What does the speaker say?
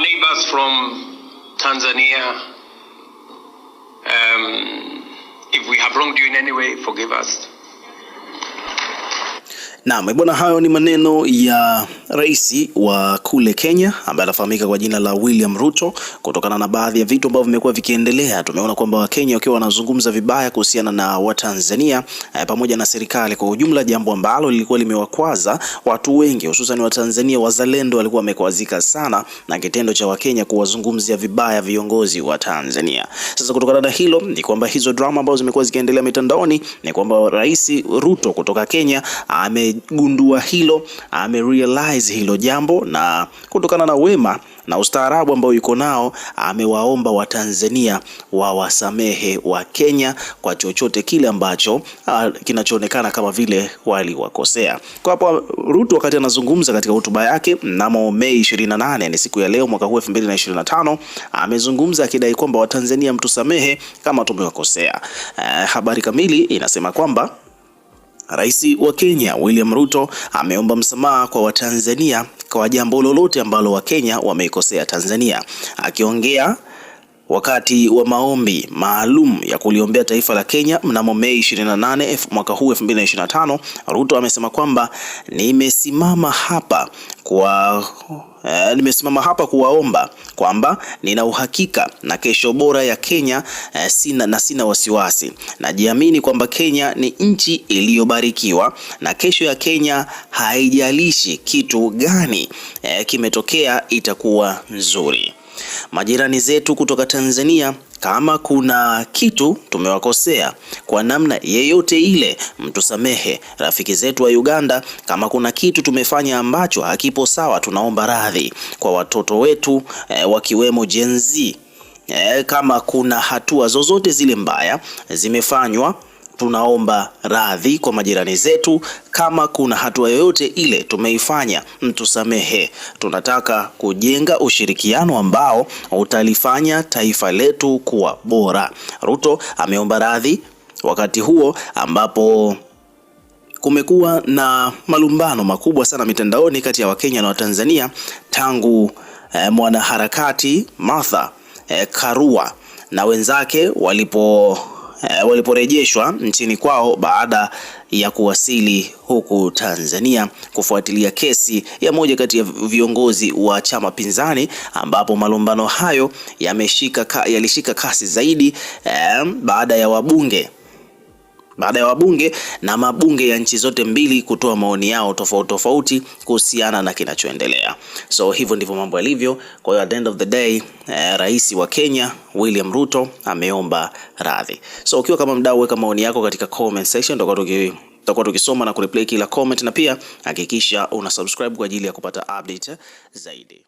our neighbors from Tanzania, um, if we have wronged you in any way, forgive us. Naam, eh, bwana, hayo ni maneno ya rais wa kule Kenya ambaye anafahamika kwa jina la William Ruto, kutokana na baadhi ya vitu ambavyo vimekuwa vikiendelea. Tumeona kwamba Wakenya wakiwa wanazungumza vibaya kuhusiana na Watanzania eh, pamoja na serikali kwa ujumla, jambo ambalo lilikuwa limewakwaza watu wengi, hususan Watanzania wazalendo walikuwa wamekwazika sana na kitendo cha Wakenya kuwazungumzia vibaya viongozi wa Tanzania. Sasa kutokana na hilo ni kwamba hizo drama ambazo zimekuwa zikiendelea mitandaoni ni kwamba Rais Ruto kutoka Kenya ame amegundua hilo, amerealize hilo jambo, na kutokana na wema na ustaarabu ambao yuko nao amewaomba Watanzania wawasamehe wa Kenya kwa chochote kile ambacho kinachoonekana kama vile waliwakosea. Kwa hapo Ruto wakati anazungumza katika hotuba yake mnamo Mei 28, ni siku ya leo mwaka huu 2025, amezungumza akidai kwamba Watanzania mtusamehe kama tumewakosea. Uh, habari kamili inasema kwamba Rais wa Kenya William Ruto ameomba msamaha kwa Watanzania kwa jambo lolote ambalo Wakenya wameikosea Tanzania akiongea wakati wa maombi maalum ya kuliombea taifa la Kenya mnamo Mei 28 mwaka huu 2025, Ruto amesema kwamba nimesimama hapa kwa Uh, eh, nimesimama hapa kuwaomba kwamba nina uhakika na kesho bora ya Kenya uh, sina, na sina wasiwasi. Najiamini kwamba Kenya ni nchi iliyobarikiwa na kesho ya Kenya, haijalishi kitu gani uh, kimetokea, itakuwa nzuri majirani zetu kutoka Tanzania, kama kuna kitu tumewakosea kwa namna yeyote ile, mtusamehe. Rafiki zetu wa Uganda, kama kuna kitu tumefanya ambacho hakipo sawa, tunaomba radhi kwa watoto wetu eh, wakiwemo Gen Z. Eh, kama kuna hatua zozote zile mbaya zimefanywa tunaomba radhi kwa majirani zetu, kama kuna hatua yoyote ile tumeifanya, mtusamehe. Tunataka kujenga ushirikiano ambao utalifanya taifa letu kuwa bora. Ruto ameomba radhi wakati huo ambapo kumekuwa na malumbano makubwa sana mitandaoni kati ya Wakenya na Watanzania tangu eh, mwanaharakati Martha eh, Karua na wenzake walipo eh, waliporejeshwa nchini kwao baada ya kuwasili huku Tanzania kufuatilia kesi ya moja kati ya viongozi wa chama pinzani, ambapo malumbano hayo yameshika, yalishika kasi zaidi eh, baada ya wabunge baada ya wabunge na mabunge ya nchi zote mbili kutoa maoni yao tofauti tofauti kuhusiana na kinachoendelea. So hivyo ndivyo mambo yalivyo. Kwa hiyo at the end of the day, eh, rais wa Kenya William Ruto ameomba radhi. So ukiwa kama mdau, weka maoni yako katika comment section, tutakuwa tukisoma na kureplay kila comment, na pia hakikisha una subscribe kwa ajili ya kupata update zaidi.